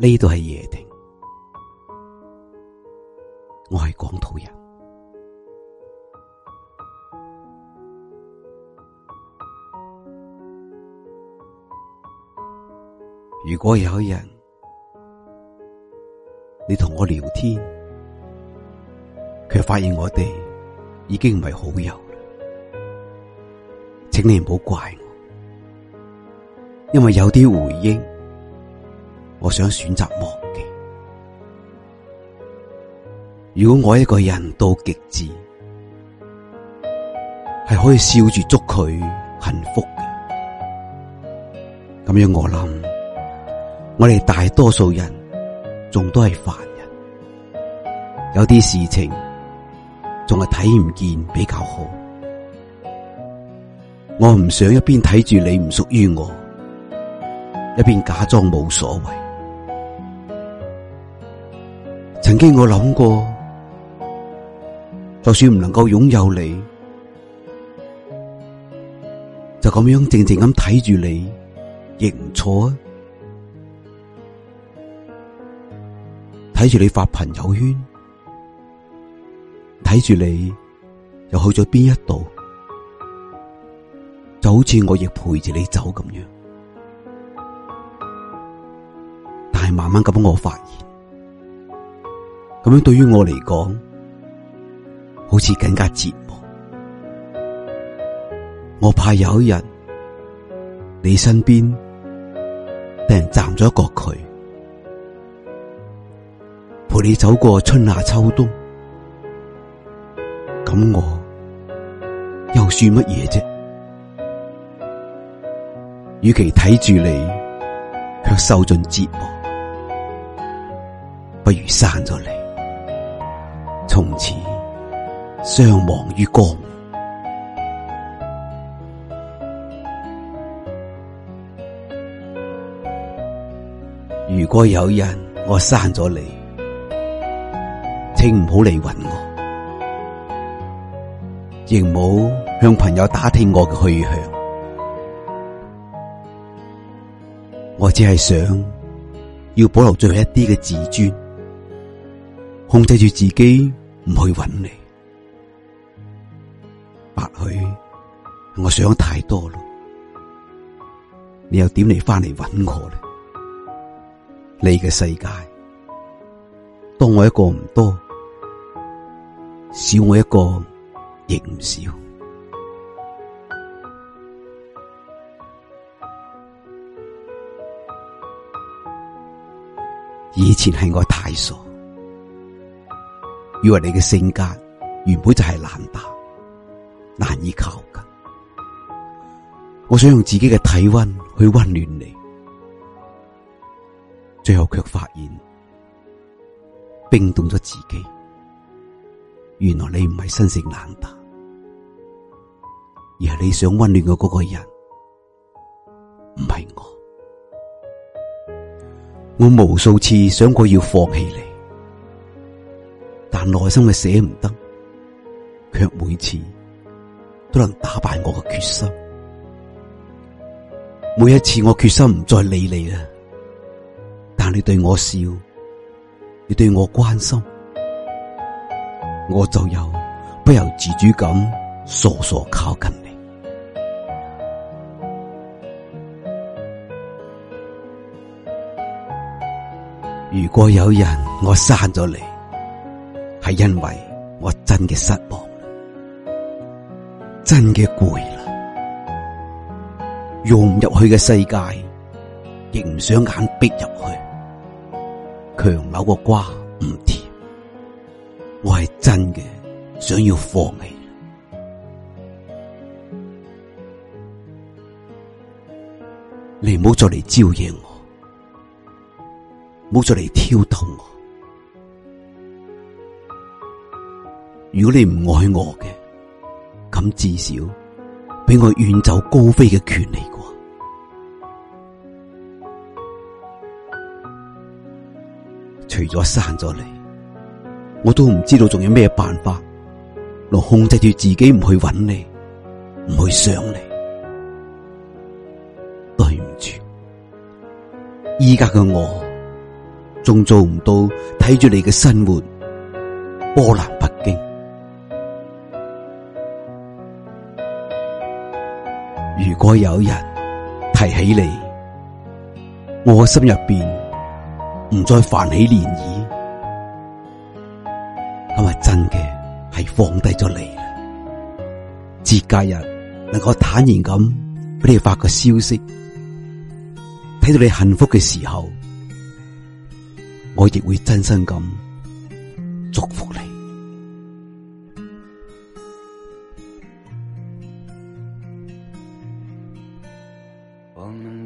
呢度係夜亭，我係廣土人。如果有一日你同我聊天，卻發現我哋已經唔係好友，請你唔好怪我，因為有啲回憶。我想選擇忘記。如果愛一個人到極致，係可以笑住祝佢幸福嘅。咁樣我諗，我哋大多數人仲都係凡人，有啲事情仲係睇唔見比較好。我唔想一邊睇住你唔屬於我，一邊假裝冇所謂。曾經我諗過，就算唔能夠擁有你，就咁樣靜靜咁睇住你，亦唔錯啊！睇住你發朋友圈，睇住你又去咗邊一度，就好似我亦陪住你走咁樣，但係慢慢咁我發現。咁樣對於我嚟講，好似更加折磨。我怕有一日，你身邊，被人站咗一個佢，陪你走過春夏秋冬。咁我，又算乜嘢啫？與其睇住你卻受盡折磨，不如刪咗你。從此相忘於江湖。如果有一天我刪咗你，請唔好嚟揾我，亦唔好向朋友打聽我嘅去向。我只係想要保留最後一啲嘅自尊。控制住自己唔去揾你，或許我想太多咯。你又點嚟翻嚟揾我咧？你嘅世界，多我一個唔多，少我一個亦唔少。以前係我太傻。以為你嘅性格原本就係冷淡，難以靠近。我想用自己嘅體溫去溫暖你，最後卻發現冰凍咗自己。原來你唔係生性冷淡，而係你想溫暖嘅嗰個人唔係我。我無數次想過要放棄你。但內心嘅捨唔得，卻每次都能打敗我嘅決心。每一次我決心唔再理你啦，但你對我笑，你對我關心，我就有不由自主咁傻傻靠近你。如果有一天我刪咗你，係因為我真嘅失望，真嘅攰啦，融唔入去嘅世界，亦唔想硬逼入去，強扭個瓜唔甜，我係真嘅想要放棄，你唔好再嚟招惹我，唔好再嚟挑逗我。如果你唔愛我嘅，咁至少俾我遠走高飛嘅權利啩。除咗刪咗你，我都唔知道仲有咩辦法能控制住自己唔去揾你，唔去想你。對唔住，依家嘅我仲做唔到睇住你嘅生活波瀾。如果有人提起你，我心入邊唔再泛起漣漪，咁係真嘅係放低咗你。節假日能夠坦然咁俾你發個消息，睇到你幸福嘅時候，我亦會真心咁祝福你。